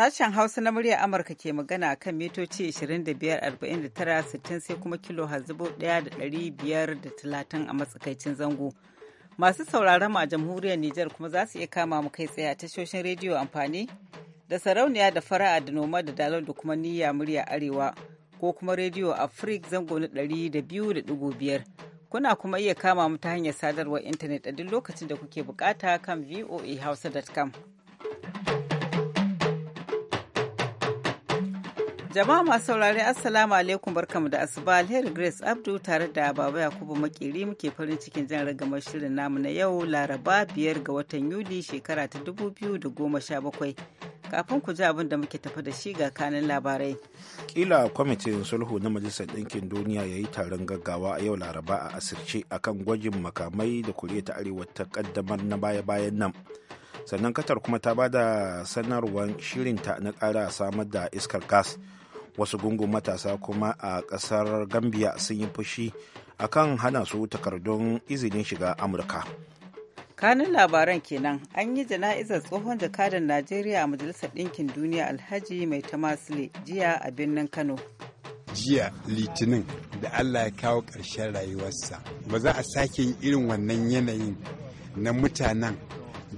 Sashen Hausa na muryar Amurka ke magana a kan mitoci 25,49,60 sai kuma kilo da 1,530 a matsakaicin zango. Masu sauraron a jamhuriyar Nijar kuma za su iya kama mu kai tsaye a tashoshin rediyo amfani da sarauniya da fara'a da noma da dalar da kuma niyya murya arewa ko kuma rediyo Afrik zango na 200.5. Kuna kuma iya kama mu ta hanyar sadarwar intanet a duk lokacin da kuke bukata kan voahausa.com. Jama'a masu saurari Assalamu alaikum barkamu da asuba alheri Grace Abdu tare da Baba Yakubu makiri muke farin cikin jan ragamar shirin namu na yau Laraba biyar ga watan Yuli shekara ta 2017. Kafin ku ji abin da muke tafi da shi ga kanin labarai. Kila kwamitin sulhu na Majalisar Ɗinkin Duniya ya yi taron gaggawa a yau Laraba a asirce akan gwajin makamai da kuriya ta Arewa ta kaddamar na baya-bayan nan. sannan qatar kuma ta ba da sanarwar shirinta na ƙara samar da iskar gas wasu gungun matasa kuma a ƙasar gambia sun yi fushi a kan hana su takardun izinin shiga amurka kanun labaran kenan an yi jana'izar tsohon jakadan najeriya a majalisar ɗinkin duniya alhaji mai tamasile jiya a birnin kano jiya litinin da allah ya kawo ƙarshen rayuwarsa ba za a sake yin irin wannan yanayin na mutanen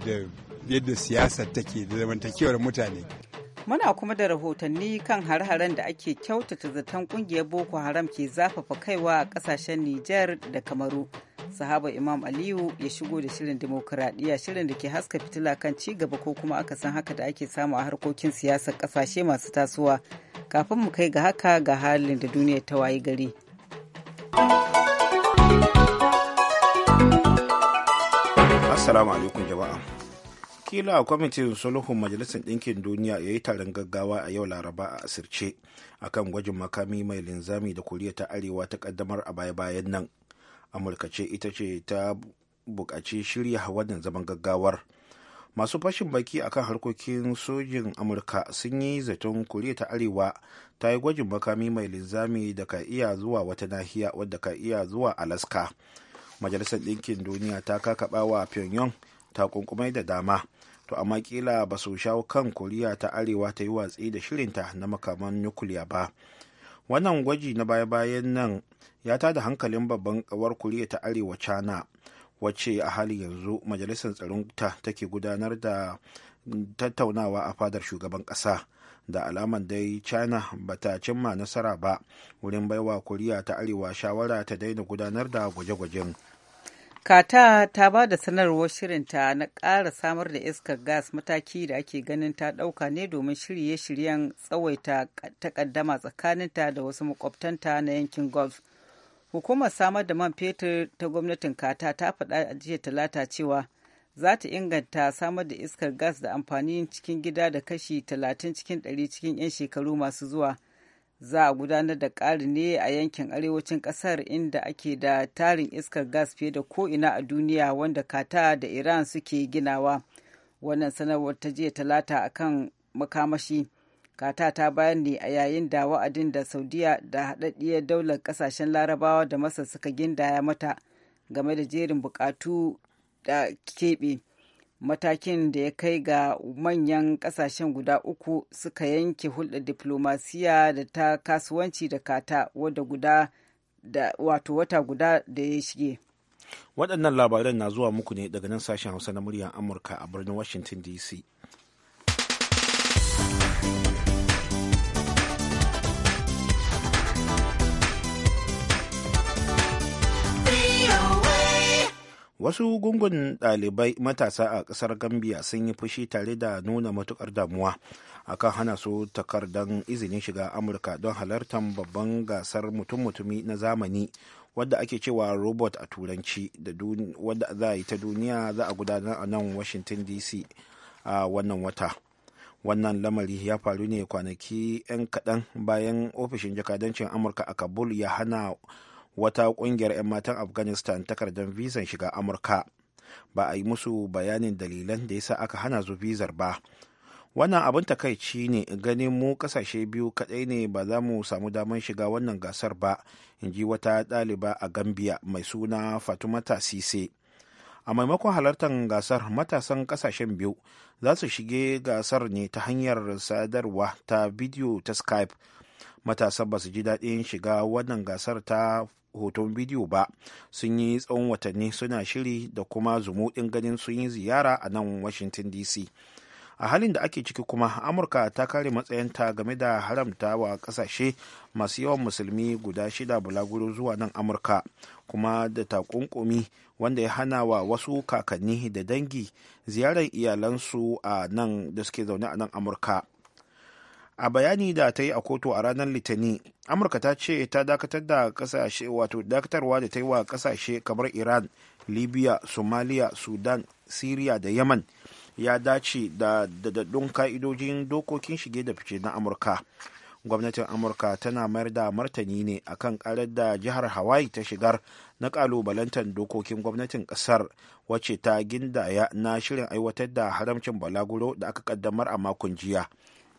da yadda siyasa take da zamantakewar mutane Muna kuma da rahotanni kan har-haren da ake kyautata zaton kungiyar Boko Haram ke zafafa kaiwa a kasashen Nijar da Kamaru. Sahaba Imam Aliyu ya shigo da shirin demokuraɗiyya shirin da ke haska fitila kan ci gaba ko kuma aka san haka da ake samu a harkokin siyasar ƙasashe masu tasowa. Kafin mu kai ga haka ga halin da duniyar ta wayi gari. Assalamu alaikum jama'a. a kwamitin sulhun majalisar ɗinkin duniya ya yi taron gaggawa a yau laraba a asirce akan gwajin makami mai linzami da koriya ta arewa ta kaddamar a baya-bayan nan amurka ce ita ce ta buƙaci shirya wannan zaman gaggawar masu fashin baki akan harkokin sojin amurka sun yi zaton koriya ta arewa ta yi gwajin makami mai linzami da ka iya zuwa wata nahiya wadda ka iya zuwa alaska majalisar ɗinkin duniya ta kakaɓa wa pyongyang ta kunkumai da dama to amma kila ba su shawo kan koriya ta arewa ta yi watsi da shirinta na makaman nukuliya ba wannan gwaji na baya-bayan nan ya tada hankalin babban kawar koriya ta arewa china wacce a hali yanzu majalisar tsaron ta take gudanar da tattaunawa a fadar shugaban kasa? da alaman dai china ba ta cimma nasara ba wurin baiwa koriya ta arewa shawara ta daina gudanar da gwaje-gwajen. Kata ta ba da sanarwar shirinta na ƙara samar da iskar gas mataki da ake ganin ta ɗauka ne domin shirye-shiryen tsawaita takaddama tsakaninta da wasu makwabtanta na yankin golf. Hukumar samar da man fetur ta gwamnatin Kata ta faɗa a jiya talata cewa za ta inganta samar da iskar gas da amfani cikin gida da kashi talatin cikin 100 cikin 'yan shekaru masu zuwa. za a gudanar da ƙari ne a yankin arewacin ƙasar inda ake da tarin iskar gas fiye da ko'ina a duniya wanda kata da iran suke ginawa wannan sanarwar ta jiya talata akan makamashi kata ta bayan ne a yayin da wa'adin da saudiya da haɗaɗɗiyar daular ƙasashen larabawa da masar suka gindaya mata game da jerin buƙatu da keɓe matakin da ya kai ga manyan kasashen guda uku suka yanke hulɗa diplomasiya da ta kasuwanci da kata wadda guda da wato wata guda da ya shige waɗannan labaran na zuwa muku ne daga nan sashen hausa na muryar amurka a birnin washington dc wasu gungun ɗalibai matasa a ƙasar gambia sun yi fushi tare da nuna matukar damuwa akan hana su takardar izinin shiga amurka don halartar babban gasar mutum-mutumi na zamani wadda ake cewa robot a turanci da wadda za a yi ta duniya za a gudanar a nan washington dc a wannan wata wannan lamari ya faru ne kwanaki 'yan kaɗan bayan ofishin jakadancin amurka a kabul ya hana wata kungiyar 'yan matan afghanistan takardar vizan shiga amurka ba a yi musu bayanin dalilan da yasa aka hana su vizar ba wannan abin takaici ne ganin mu kasashe biyu kadai ne ba za mu samu damar shiga wannan gasar ba in ji wata daliba a gambia mai suna fatumata sise a maimakon halartar gasar matasan kasashen biyu za su shige gasar ne ta hanyar sadarwa ta bidiyo ta skype matasan ba su ji daɗin shiga wannan gasar ta hoton bidiyo ba sun yi tsawon watanni suna shiri da kuma zumuɗin ganin sun yi ziyara a nan washington dc a halin da ake ciki kuma amurka ta kare matsayinta game da haramta wa kasashe masu yawan musulmi guda shida bulaguro zuwa nan amurka kuma da ta takunkumi wanda ya hana wa wasu kakanni da dangi ziyarar iyalansu a nan da suke zaune a nan amurka a bayani da ta yi a kotu a ranar litani amurka ta ce ta dakatar da kasashe wato dakatarwa da ta yi wa kasashe kamar iran libya somalia sudan syria da yaman ya dace da dadaddun ka'idojin dokokin shige da fice na amurka gwamnatin amurka tana mayar da martani ne akan karar da jihar hawaii ta shigar na kalubalantar dokokin gwamnatin kasar wacce ta gindaya na shirin aiwatar da haramcin balaguro da aka kaddamar a makon jiya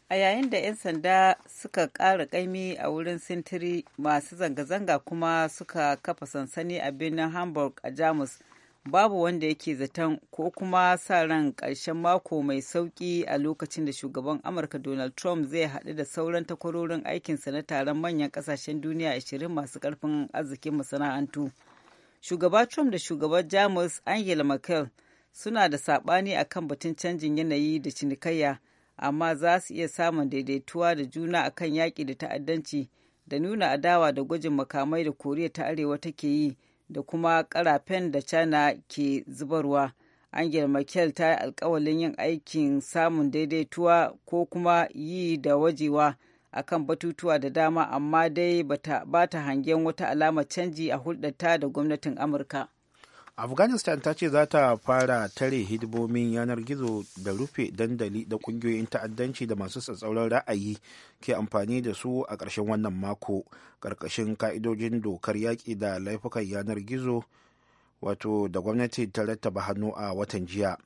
a yayin da 'yan sanda suka ƙara ƙaimi a wurin sintiri masu zanga-zanga kuma suka kafa sansani a birnin hamburg a jamus babu wanda yake zaton ko kuma sa ran ƙarshen mako mai sauƙi a lokacin da shugaban amurka donald trump zai haɗu da sauran takwarorin aikinsa na taron manyan ƙasashen duniya 20 masu ƙarfin arzikin masana'antu shugaba trump da shugaban jamus angela merkel suna da saɓani akan batun canjin yanayi da cinikayya amma za su iya samun daidaituwa da juna a kan yaƙi da ta'addanci da nuna adawa da gwajin makamai da koriya ta arewa take yi da kuma karafen da china ke zubarwa angela merkel ta yi alkawalin yin aikin samun daidaituwa ko kuma yi da wajewa akan batutuwa da dama amma dai ba ta hangen wata alamar canji a hulɗarta da gwamnatin amurka afghanistan ta ce za ta fara tare hidimomin yanar gizo da rufe dandali da kungiyoyin ta'addanci da masu tsatsauran ra'ayi ke amfani da su a ƙarshen wannan mako ƙarƙashin ka'idojin dokar yaƙi da laifukan yanar gizo wato da gwamnati ta rattaba hannu a watan jiya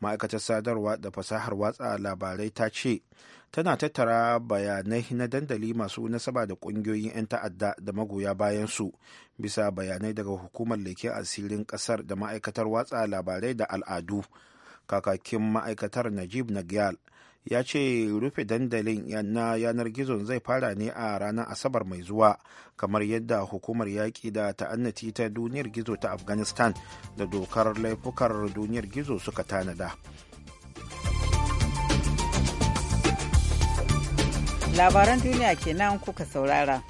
ma'aikatar sadarwa da fasahar watsa labarai ta ce tana tattara bayanai na dandali masu nasaba da kungiyoyin 'yan ta'adda da magoya bayan su bisa bayanai daga hukumar leken asirin kasar da ma'aikatar watsa labarai da al'adu kakakin ma'aikatar najib nagyal ya ce rufe dandalin na yanar gizon zai fara ne a ranar asabar mai zuwa kamar yadda hukumar yaƙi da ta'annati ta duniyar gizo ta afghanistan da dokar laifukar duniyar gizo suka tanada. labaran duniya kenan kuka saurara.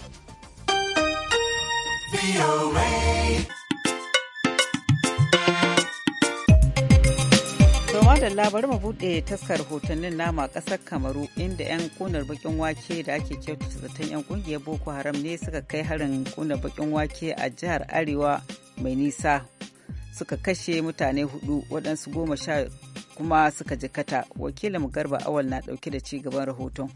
da labarin mu buɗe taskar hotunan nama ƙasar kamaru inda 'yan kunar bakin wake da ake kyautata zaton 'yan ƙungiyar boko haram ne suka kai harin kunar bakin wake a jihar arewa mai nisa suka kashe mutane hudu waɗansu goma sha kuma suka jikata wakilin garba awal na ɗauke da ci gaban rahoton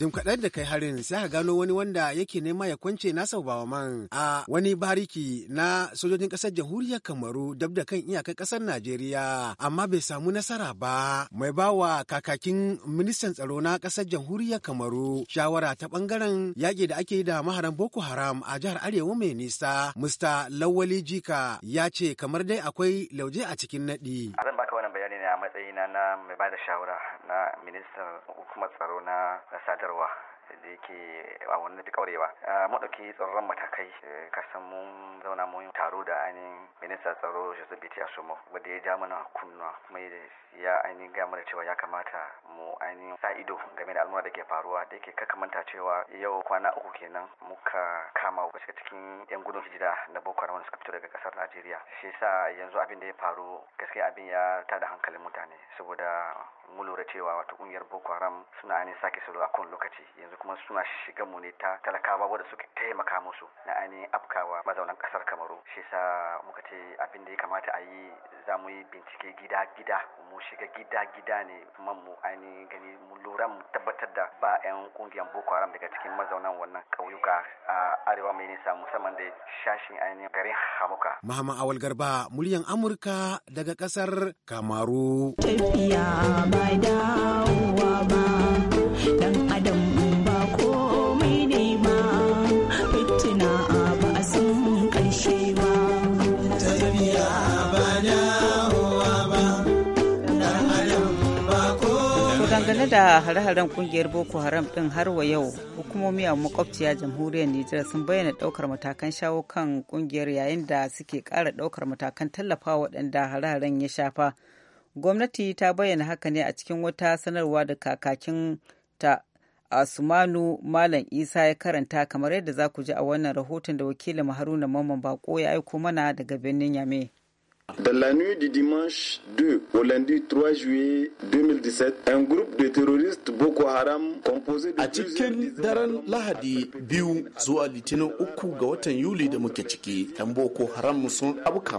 Dim kaɗan da kai harin sai ka gano wani wanda yake nema ya kwance nasa bawa man a wani bariki na sojojin ƙasar jamhuriyar Kamaru dab da kan iyakar ƙasar Najeriya amma bai samu nasara ba. Mai bawa kakakin ministan tsaro na ƙasar jamhuriyar Kamaru shawara ta ɓangaren yaƙi da ake yi da maharan Boko Haram a jihar Arewa mai nisa. Mr. Lawali Jika ya ce kamar dai akwai lauje a cikin naɗi. matsayina na mai ba da shawara na ministan hukumar tsaro na sadarwa da yake a wannan ta kaurewa mu dauki tsoron matakai e, san mun zauna mun taro da ainihin minista tsaro Joseph a Asomo wanda ya ja mana kunna kuma ya ainihin ga mana cewa ya kamata mu ainihin sa ido game da al'umma da ke faruwa da yake kaka cewa yau kwana uku kenan muka kama wasu cikin yan gudun hijira na Boko Haram wanda suka fito daga kasar Najeriya shi yasa yanzu abin da ya faru gaskiya abin ya tada hankalin mutane saboda mu lura cewa wata kungiyar boko haram suna ainihin sake salo a kowane lokaci yanzu kuma suna shiga mu ne ta talakawa wadda suka taimaka musu na ainihin afkawa mazaunan kasar kamaru shi yasa muka ce abin da ya kamata a yi za mu yi bincike gida gida mu shiga gida-gida ne kuma mu ainihin gani mu lura mu tabbatar da ba 'yan kungiyar boko haram daga cikin mazaunan wannan ƙauyuka a arewa mai nisa musamman da shashin ainihin garin hamuka. Mahama Awal Garba muryan Amurka daga kasar Kamaru. Tafiya ba dawowa ba. dangane da hare-haren kungiyar boko haram din har wa yau hukumomi a makwabciya jamhuriyar nijar sun bayyana daukar matakan shawo kan kungiyar yayin da suke kara daukar matakan tallafa waɗanda hare-haren ya shafa gwamnati ta bayyana haka ne a cikin wata sanarwa da kakakin ta asumanu malam isa ya karanta kamar yadda za ku ji a wannan rahoton da wakilin haruna mamman bako ya aiko mana daga birnin yame Dans la nuit du dimanche 2 au lundi 3 juillet 2017, un groupe de terroristes Boko Haram composé de A cikin daren Lahadi biyu zuwa Litinin uku ga watan Yuli da muke ciki, 'yan Boko Haram sun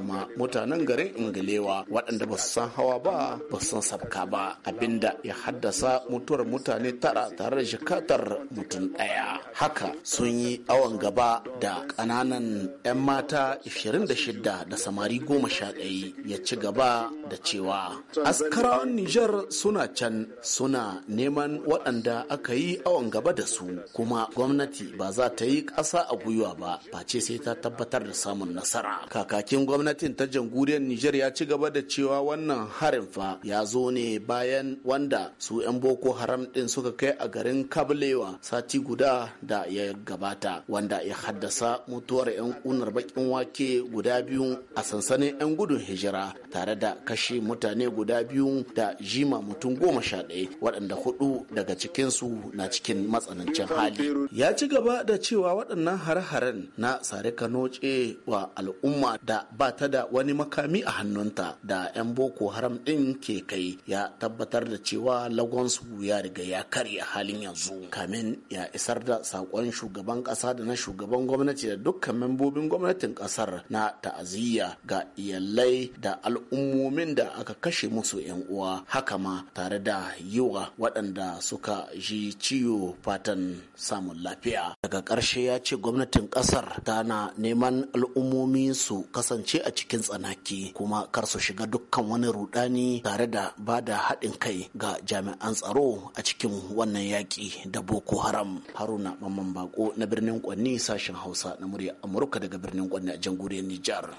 ma mutanen garin Ingalewa waɗanda ba su san hawa ba, ba su san sabka ba, abinda ya haddasa mutuwar mutane tara tare da shikatar mutum ɗaya. Haka sun yi awon gaba da ƙananan 'yan mata 26 da samari 11. kadai ya ci gaba da cewa askarawan Nijar suna can suna neman waɗanda aka yi awon gaba da su kuma gwamnati ba za ta yi ƙasa a gwiwa ba face sai ta tabbatar da samun nasara kakakin gwamnatin ta jamhuriyar Nijar ya ci gaba da cewa wannan harin fa ya zo ne bayan wanda su 'yan Boko Haram ɗin suka kai a garin Kablewa sati guda da ya gabata wanda ya haddasa mutuwar 'yan ƙunar bakin wake guda biyu a sansanin 'yan gudun hijira tare da kashe mutane guda biyu da jima mutum goma sha ɗaya waɗanda hudu daga cikinsu na cikin matsanancin hali ya ci gaba da cewa waɗannan har haren na sare kanoce wa al'umma da ba ta da wani makami a hannunta da 'yan boko haram ɗin ke kai ya tabbatar da cewa lagonsu ya riga ya karye a halin yanzu kamin ya isar da saƙon shugaban ƙasa da na shugaban gwamnati da dukkan membobin gwamnatin ƙasar na ta'aziyya ga iyalan iyalai da al'ummomin da aka kashe musu 'yan uwa haka ma tare da yiwa waɗanda suka ji ciwo fatan samun lafiya daga ƙarshe ya ce gwamnatin ƙasar tana neman al'ummomi su kasance a cikin tsanaki kuma kar su shiga dukkan wani rudani tare da ba da haɗin kai ga jami'an tsaro a cikin wannan yaƙi da boko haram haruna mamman bako na birnin kwanni sashen hausa na murya amurka daga birnin kwanni a jangure nijar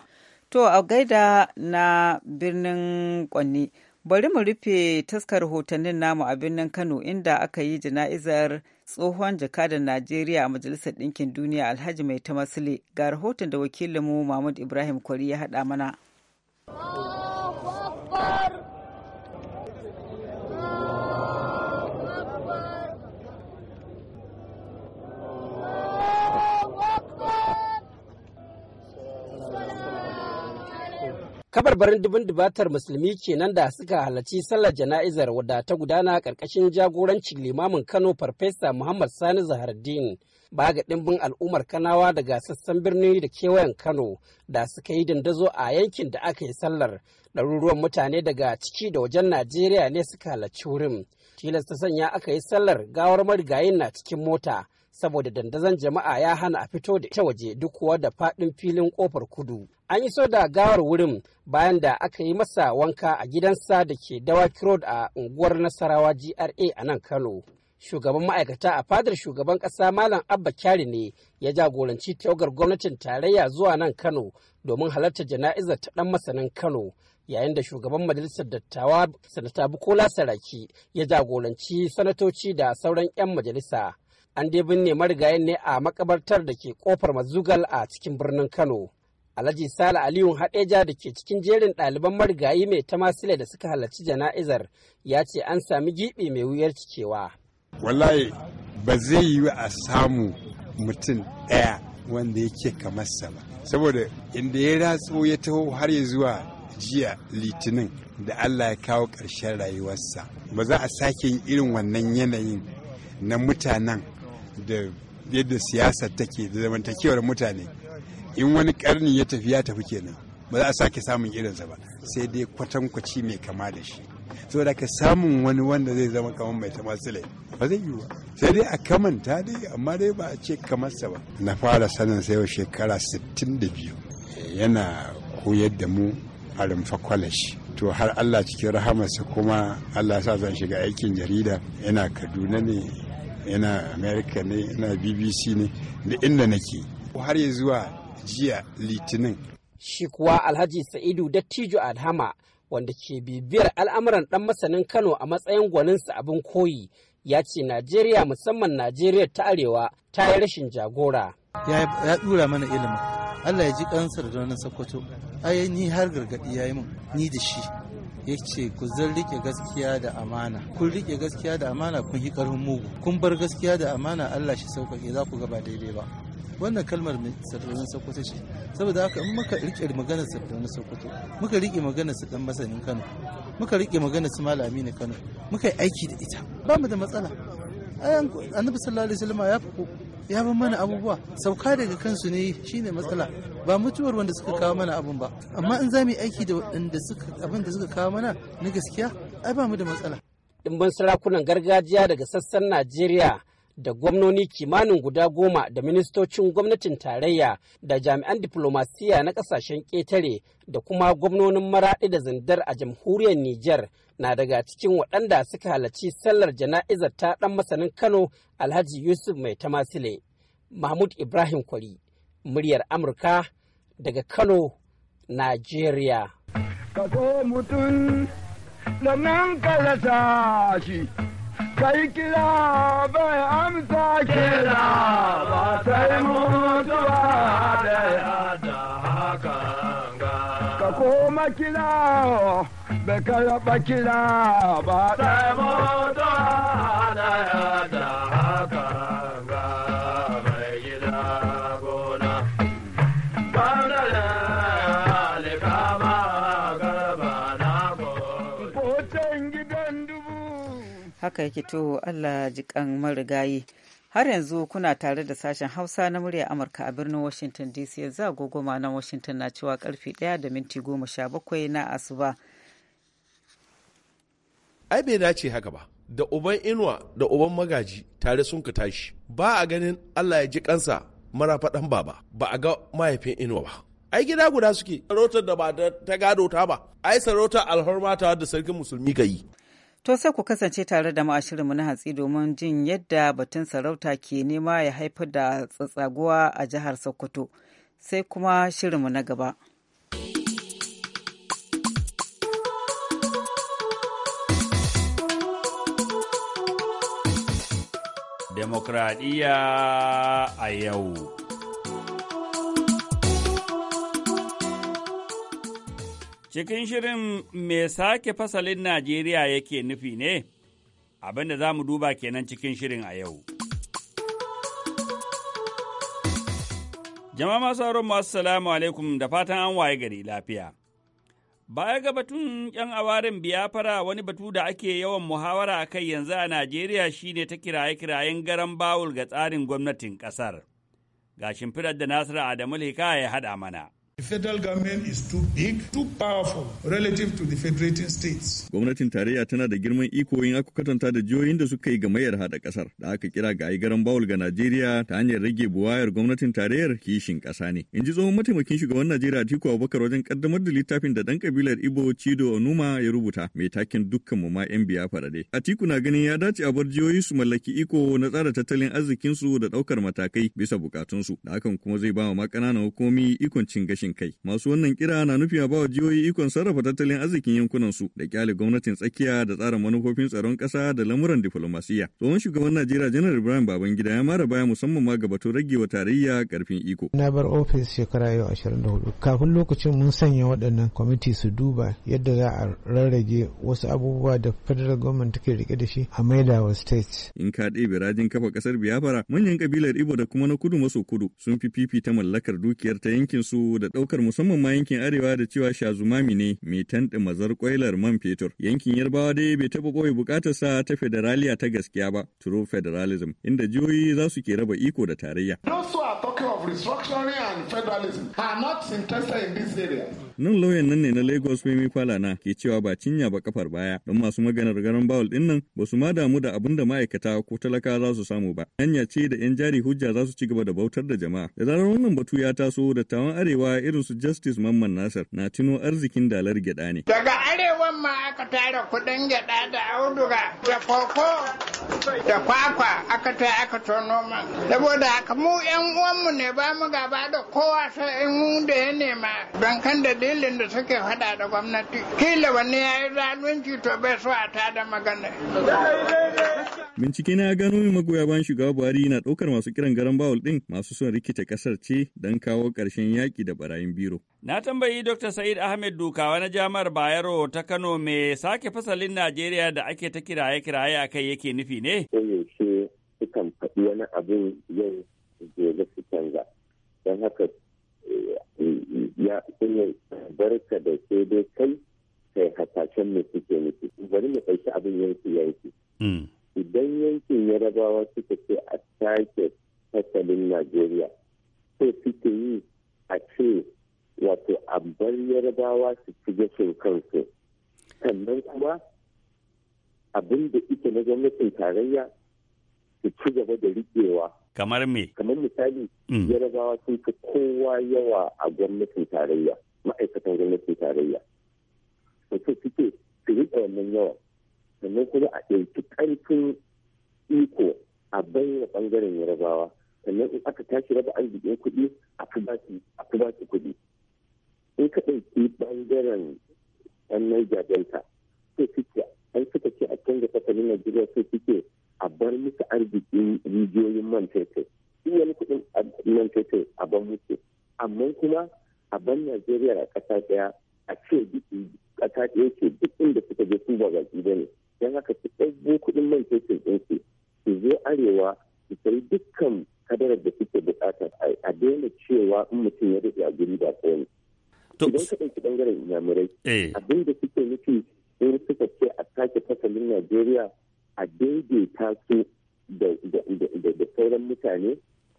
To a gaida na birnin Kwanni. Bari mu rufe taskar rahotannin namu a birnin Kano inda aka yi jana'izar tsohon jakadan Najeriya a Majalisar Ɗinkin Duniya Alhaji Mai Tamasile ga rahoton da wakilinmu Mahmud Ibrahim Kwari ya haɗa mana. kabarbarin dubin dubatar musulmi kenan da suka halarci sallar jana'izar wadda ta gudana karkashin jagorancin limamin kano farfesa muhammad sani zahardin ba ga ɗimbin al'ummar kanawa daga sassan birni da kewayen kano da suka yi dandazo a yankin da aka yi sallar ɗaruruwan mutane daga ciki da wajen najeriya ne suka halarci wurin tilasta sanya aka yi sallar gawar marigayin na cikin mota saboda dandazon jama'a ya hana a fito da ita waje duk kuwa da faɗin filin ƙofar kudu. An yi so da gawar wurin bayan da aka yi masa wanka a gidansa da ke Dawaki Road a unguwar Nasarawa GRA a nan Kano. Shugaban ma'aikata a fadar shugaban ƙasa Malam Abba Kyari ne ya jagoranci tawagar gwamnatin tarayya zuwa nan Kano domin halarta jana'izar ta ɗan masanin Kano. yayin da shugaban majalisar dattawa sanata bukola saraki ya jagoranci sanatoci da sauran 'yan majalisa an dai binne marigayen ne a makabartar da ke kofar mazugal a cikin birnin kano alhaji sala Aliyu haɗeja da ke cikin jerin ɗaliban marigayi mai ta tamasile da suka halarci jana'izar ya ce an sami giɓi mai wuyar cikewa wallahi ba zai yi a samu mutum ɗaya wanda yake kamarsa ba saboda inda ya ratso ya taho har ya zuwa jiya litinin da allah ya kawo ƙarshen rayuwarsa ba za a sake yin irin wannan yanayin na mutanen da yadda siyasa take da zamantakewar mutane in wani karni ya tafi ya tafi kenan ba za a sake samun irinsa ba sai dai kwatankwaci mai kama da shi saboda ka samun wani wanda zai zama kamar mai tamasile ba zai yiwu sai dai a kamanta dai amma dai ba a ce kamarsa ba na fara sanin sai yau shekara 62 yana koyar da mu a rumfa kwalashi to har allah cikin rahamarsa kuma allah sa zan shiga aikin jarida yana kaduna ne Yana Amerika ne yana bbc ne da inda nake har ya zuwa jiya litinin shi kuwa alhaji sa'idu dattijo alhama wanda ke bibiyar al'amuran dan masanin kano a matsayin gwaninsa abin koyi ya ce najeriya musamman najeriya ta arewa ta yi rashin jagora ya dura mana ilimin allah ya ji kansa da wani sakwato ai ni har gargadi ya yi min ni da shi ya ce ku zan rike gaskiya da amana kun rike gaskiya da amana kun yi karfin mugu kun bar gaskiya da amana Allah shi sauƙaƙe za ku gaba daidai ba wannan kalmar sardaunin sokoto ce saboda haka in muka rike maganar sardaunin sokoto muka rike maganar su dan masanin kano muka rike maganar su malami na kano muka yi aiki da ita ba mu da matsala annabi sallallahu alaihi wasallam ya ya ban mana abubuwa sauka daga kansu ne shine matsala ba mutuwar wanda suka kawo mana abun ba amma in za mu yi aiki da suka abin da suka kawo mana na gaskiya ai ba mu da matsala ɗimbin sarakunan gargajiya daga sassan Najeriya da gwamnoni kimanin guda goma da ministocin gwamnatin tarayya da jami'an diplomasiya na kasashen ƙetare da kuma gwamnonin maraɗi da zindar a jamhuriyar Nijar na daga cikin waɗanda suka halarci sallar jana'izar ta ɗan masanin Kano Alhaji Yusuf Mai Tamasile. Mahmud Ibrahim Kwari, muryar Amurka daga Kano, Najeriya. Ka mutum kai kira bai amsa kira ba sai mutuwa da yada haka ka koma kira bai karaba kira ba sai mutuwa da yada haka haka yake to Allah jikan marigayi. Har yanzu kuna tare da sashen Hausa na murya Amurka a birnin Washington DC yanzu agogoma na Washington na cewa karfe 1 da minti 17 na asuba. Ai bai dace haka ba. Da uban inuwa da uban magaji tare sun ka tashi. Ba a ganin Allah ya ji kansa mara faɗan baba. Ba a ga mahaifin inuwa ba. ai gida guda suke sarautar da ba ta gado ta ba ai sarautar alhorma ta da sarkin musulmi ka yi To sai ku kasance tare da ma'ashirinmu na hatsi domin jin yadda batun sarauta ke nema ya haifar da tsatsaguwa a jihar Sokoto. Sai kuma shirinmu na gaba. Demokradiyya a yau. Cikin shirin me sake fasalin Najeriya yake nufi ne? Abinda da za mu duba kenan cikin shirin a yau. Jama'a masu sauran masu salamu alaikum da fatan an waye gari lafiya. Baya ga batun ‘yan awarin biyafara wani batu da ake yawan muhawara a kai yanzu a Najeriya shi ne ta kiraye-kirayen garan bawul ga tsarin gwamnatin ƙasar. Ga shimfidar da Nasiru Adamu Lika ya haɗa mana. The federal government is too big, relative to the federating states. Gwamnatin tarayya tana da girman iko in aka kwatanta da jihohin da suka yi ga mayar haɗa ƙasar, da aka kira ga garan bawul ga Najeriya ta hanyar rage buwayar gwamnatin tarayyar kishin ƙasa ne. In ji tsohon mataimakin shugaban Najeriya Atiku Abubakar wajen kaddamar da littafin da ɗan kabilar Ibo Chido Onuma ya rubuta mai takin dukkan mu ma yan biya farade. Atiku na ganin ya dace a bar jihohi su mallaki iko na tsara tattalin arzikinsu da ɗaukar matakai bisa bukatunsu da hakan kuma zai ba ma ƙananan hukumomi ikon cin gashi gashin kai. Masu wannan kira na nufin a bawa jihohi ikon sarrafa tattalin arzikin yankunan su da kyale gwamnatin tsakiya da tsara manufofin tsaron kasa da lamuran diflomasiya Tsohon shugaban Najeriya Janar Ibrahim Babangida ya mara baya musamman ma ga batun rage wa tarayya karfin iko. Na bar ofis shekara yau ashirin da hudu Kafin lokacin mun sanya waɗannan kwamiti su duba yadda za a rarrage wasu abubuwa da federal government take rike da shi a maida wa state. In ka ɗebe rajin kafa ƙasar Biafra manyan kabilar Ibo da kuma na kudu maso kudu sun fi fifita mallakar dukiyar ta yankin su da ɗaukar musamman ma yankin arewa da cewa shazumami ne mai tanɗi mazar kwailar man fetur. Yankin Yarbawa dai bai taɓa ɓoye buƙatar sa ta federaliya ta gaskiya ba, true federalism, inda jihohi za su ke raba iko da tarayya. Nan lauyan nan ne na Lagos Femi Falana ke cewa ba cinya ba kafar baya don masu maganar garan bawul din nan ba su ma damu da abin da ma'aikata ko talaka za su samu ba. Hanya ce da 'yan jari hujja za su ci gaba da bautar da jama'a. Da zarar wannan batu ya taso da dattawan arewa irin su Justice Mamman Nasar na tuno arzikin dalar gyaɗa ne. Daga arewan ma aka tara kuɗin gyaɗa da auduga da koko da kwakwa aka ta aka tono man saboda haka mu yan uwanmu ne ba mu gaba da kowa sai in da ya nema don kan dalilin da suke faɗa da gwamnati kila wani ya yi zalunci to bai so a ta da magana bincike na ya gano magoya bayan shugaba buhari na ɗaukar masu kiran garan bawul ɗin masu son rikita ƙasar ce don kawo ƙarshen yaƙi da barayin biro Na tambayi Dr. Sa'id Ahmed Dukawa na Jami'ar Bayero ta Kano me sake fasalin Najeriya da ake ta kiraye-kiraye a kai yake nufi ne? Koyaushe sukan faɗi wani abin yau gobe su canza. Don haka eh, ya kunya barka da sai dai kai kai hasashen me suke nufi. Bari mu ɗauki abin yanki yanki. Hmm. Idan yankin Yarabawa suka ce a sake fasalin Najeriya, sai suke yi a ce wato a bar yarabawa su ci gashin kansu sannan kuma abin da ita na gwamnatin tarayya su ci gaba da riƙewa kamar me kamar misali mm. yarabawa sun fi kowa yawa a gwamnatin tarayya ma'aikatan gwamnatin tarayya wato suke su riƙe wannan yawa sannan kuma a ɗauki ƙarfin iko a bayyana ɓangaren yarabawa sannan in aka tashi raba arzikin kuɗi a fi ba su kuɗi in ka ɗauki ɓangaren ɗan Niger Delta sai suke an suka ce a canza fasalin Najeriya sai suke a bar musu arzikin rijiyoyin man fetur. Iya kuɗin man fetur a ban musu. Amma kuma a ban Najeriya a ƙasa ɗaya a ce ƙasa ɗaya ce duk inda suka je su ba baki ba ne. Don haka su ɗauko kuɗin man fetur ɗin su zo arewa su sayi dukkan kadarar da suke buƙata a daina cewa in mutum ya daɗe a guri ba tsaye Idan ka ɗauki ɓangaren inyamurai, eh. abin da suke nufi in suka ce a sake fasalin Najeriya a daidaita su da sauran mutane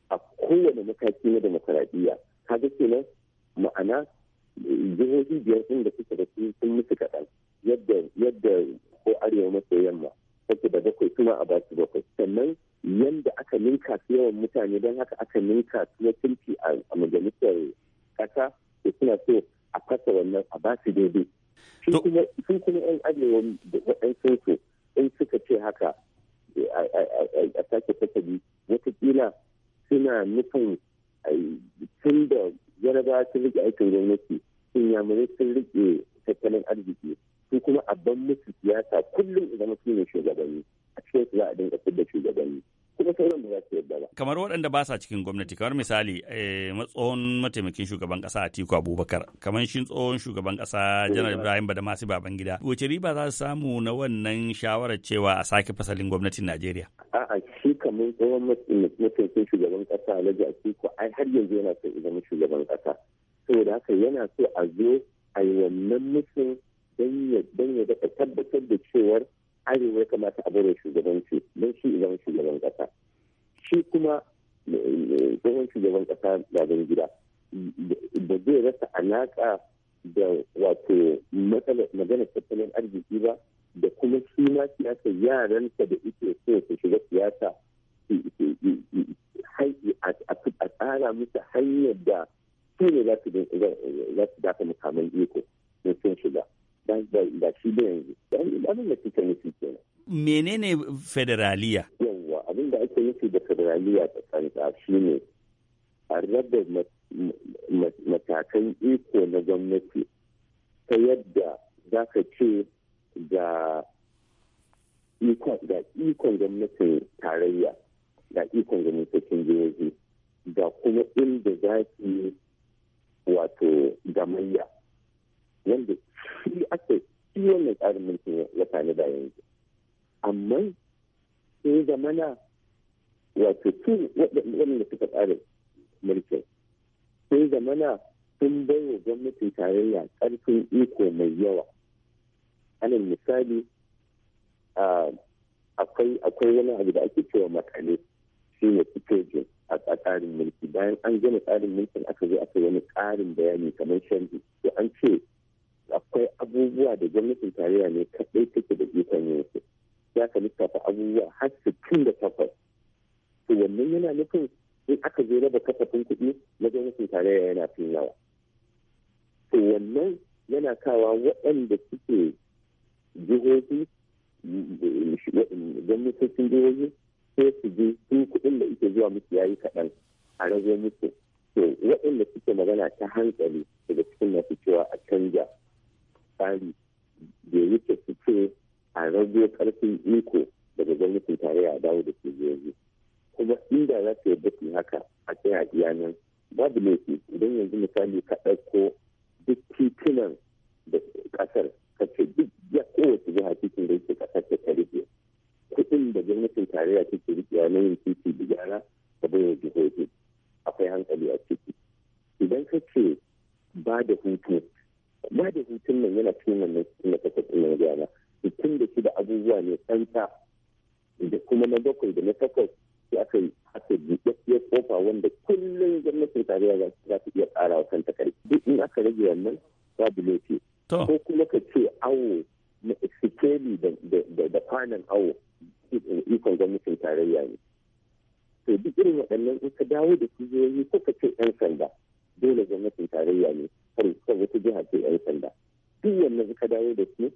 a kowane mataki na demokaradiyya. Kaga kenan ma'ana jihohi biyar din da suke da sun musu kaɗan yadda ko arewa maso yamma take da bakwai kuma a basu bakwai sannan yadda aka ninka su yawan mutane don haka aka ninka su wakilci a majalisar ƙasa suna so a fasa wannan a ba su daidai sun kuma yan arewa da waɗansu su in suka ce haka a sake fasali watakila suna nufin tun da yaraba sun rike aikin gwamnati sun yamurai sun rike tattalin arziki su kuma abban musu siyasa kullum idan su ne shugabanni a cikin su za a dinga fidda shugabanni kuma sauran ba za su ba. Kamar waɗanda ba sa cikin gwamnati kamar misali eh, tsohon mataimakin shugaban ƙasa Atiku Abubakar kamar shi tsohon shugaban ƙasa Janar Ibrahim baban gida wace riba za su samu na wannan shawarar cewa a sake fasalin gwamnatin Najeriya? A'a shi kamar tsohon mataimakin shugaban ƙasa Alhaji Atiku ai har yanzu yana son zama shugaban ƙasa. Saboda haka yana so a zo a yi wannan mutum don ya daɗa tabbatar da cewar arewa ya kamata a bari shugabanci don shi idan shugaban kasa shi kuma eh, tsohon shugaban kasa don gida da zai rasa alaka da wato maganar tattalin arziki ba da kuma shi ma siyasa yaransa da ike so su shiga siyasa a tsara musu hanyar da su ne za su dafa mukamman iko sun shiga da yanzu abin da nufi menene federaliya yawwa abin da ake nufi da federaliya tsakanta shi ne a raba matakan iko na gwamnati ta yadda za ka ce ga ikon gwamnatin tarayya ga ikon gwamnatin jihohi ga kuma inda za ki wato gamayya wanda shi ake shi mai tsarin mulki ya tani da yanzu amma sai zamana wato tun waɗanda suka tsara mulkin sai zamana sun bai wa gwamnatin tarayya ƙarfin iko mai yawa anan misali akwai wani abu da ake cewa makale shi ne fitojin a tsarin mulki bayan an gama tsarin mulkin aka zo aka wani tsarin bayani kamar shanji to an ce abubuwa da gwamnatin tarayya ne kaɗai take da ikon yin su ya ka lissafa abubuwa har sittin da takwas to wannan yana nufin in aka zo raba kasafin kuɗi na gwamnatin tarayya yana fin yawa to wannan yana kawa waɗanda suke jihohi gwamnatocin jihohi sai su je su kuɗin da ike zuwa musu yayi kaɗan a rage musu to waɗanda suke magana ta hankali daga cikin masu cewa a canja tsari da wuce su a rage karfin iko daga gwamnatin tarayya a dawo da ke yanzu kuma inda za ta yadda su haka a tsaya iya nan babu laifi idan yanzu misali ka ɗauko duk titunan da ƙasar ka ce duk ya kowace jiha titin da yake ƙasar ta rufe kuɗin da gwamnatin tarayya take rikewa na yin titi da gyara bai yanzu jihohi akwai hankali a ciki idan ka ce ba da hutu ba da hutun nan yana cikin wannan da kasa cikin gyara hutun da shi da abubuwa ne tsanta da kuma na bakwai da na takwas sai aka yi aka buɗaɗɗiyar kofa wanda kullum gwamnatin tarayya za ta iya ƙara wa kanta kare duk in aka rage wannan babu laifi ko kuma ka ce awo na sikeli da kwanan awo ikon gwamnatin tarayya ne to duk irin waɗannan in ka dawo da su ko ka ce 'yan sanda dole gwamnatin tarayya ne kan kan wata jiha ce yan sanda duk wannan suka dawo da su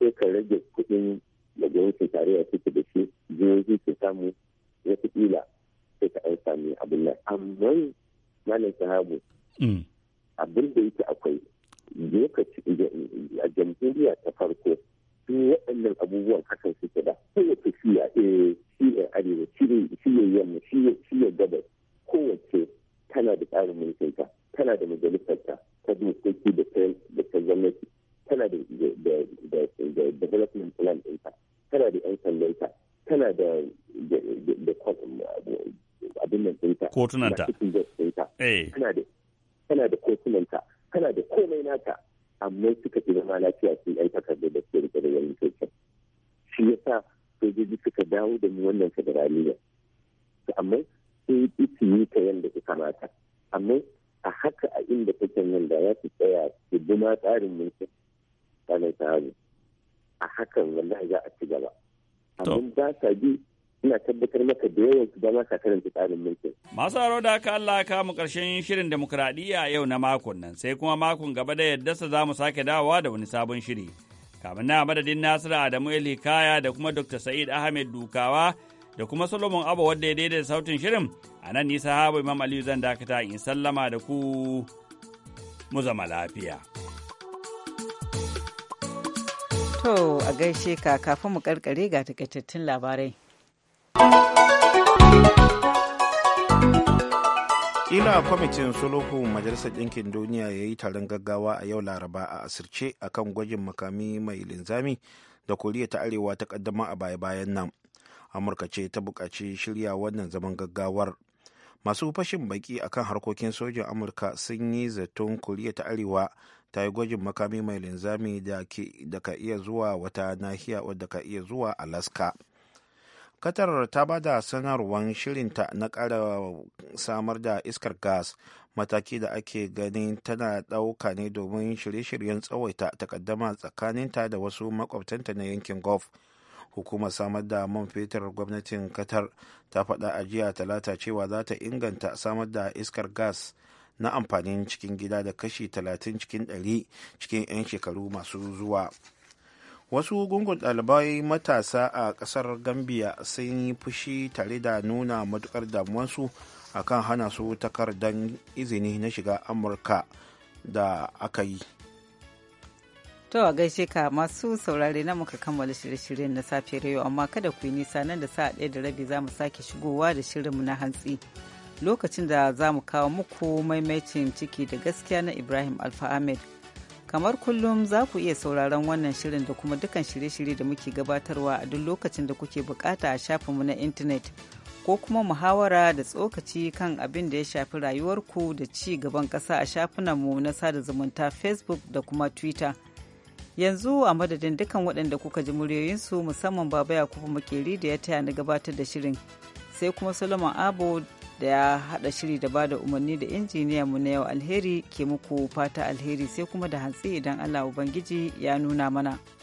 sai ka rage kuɗin da gwamnatin tarayya take da shi jihohi su samu ƙila sai ka an sami abin nan amma malam sahabu mm. abin da yake akwai lokaci a jamhuriya ta farko duk waɗannan abubuwan kasan suke da kowace tunanta da haka Allah ya mu ƙarshen shirin demokuraɗiyya yau na makon nan sai kuma makon gaba da yadda za mu sake dawowa da wani sabon shiri. Kamin na madadin Nasiru Adamu El Hikaya da kuma Dr. Sa'id Ahmed Dukawa da kuma Solomon Abba wanda ya daidaita sautin shirin a nan nisa habu Imam Aliyu zan dakata in sallama da ku mu zama lafiya. To a gaishe ka kafin mu karkare ga takaitattun labarai. kila kwamitin sulhu majalisar ɗinkin duniya ya yi taron gaggawa a yau laraba a asirce akan gwajin makami mai linzami da koriya ta arewa ta kaddama a baya-bayan nan amurka ce ta buƙaci shirya wannan zaman gaggawar masu fashin baki akan harkokin sojin amurka sun yi zaton koriya ta arewa ta yi gwajin makami mai linzami da ka iya zuwa wata nahiya wadda ka iya zuwa alaska Qatar ta ba da sanarwar shirinta na kara samar da iskar gas mataki da ake ganin tana ɗauka ne domin shirye-shiryen tsawaita takaddama tsakaninta da wasu makwabtanta na yankin Gulf. Hukumar samar da man fetur gwamnatin Qatar ta faɗa a jiya talata cewa za ta inganta samar da iskar gas na amfanin cikin gida da kashi talatin cikin 100 cikin 'yan shekaru masu zuwa. wasu gungun ɗalibai matasa a ƙasar gambia sun yi fushi tare da nuna matukar damuwansu a kan hana su takardar izini na shiga amurka da aka yi To a gaishe ka masu saurare na muka kammala shirye-shiryen na safe yau amma kada ku yi nisa nan da sa ɗaya da rabi za mu sake shigowa da shirinmu na hantsi. Lokacin da za mu kawo muku maimaicin ciki da gaskiya na Ibrahim Alfa Ahmed kamar kullum za ku iya sauraron wannan shirin da kuma dukkan shirye-shirye da muke gabatarwa a duk lokacin da kuke bukata a shafinmu na intanet ko kuma muhawara da tsokaci kan abin da ya shafi rayuwarku da ci gaban ƙasa a shafinanmu na sada zumunta facebook da kuma twitter yanzu a madadin dukkan waɗanda kuka ji muryoyinsu musamman baba yakubu makeri da ya taya na gabatar da shirin sai kuma solomon abu. da ya haɗa shiri da bada umarni da injiniya mu na yau alheri ke muku fata alheri sai kuma da hantsi idan Allah Ubangiji ya nuna mana.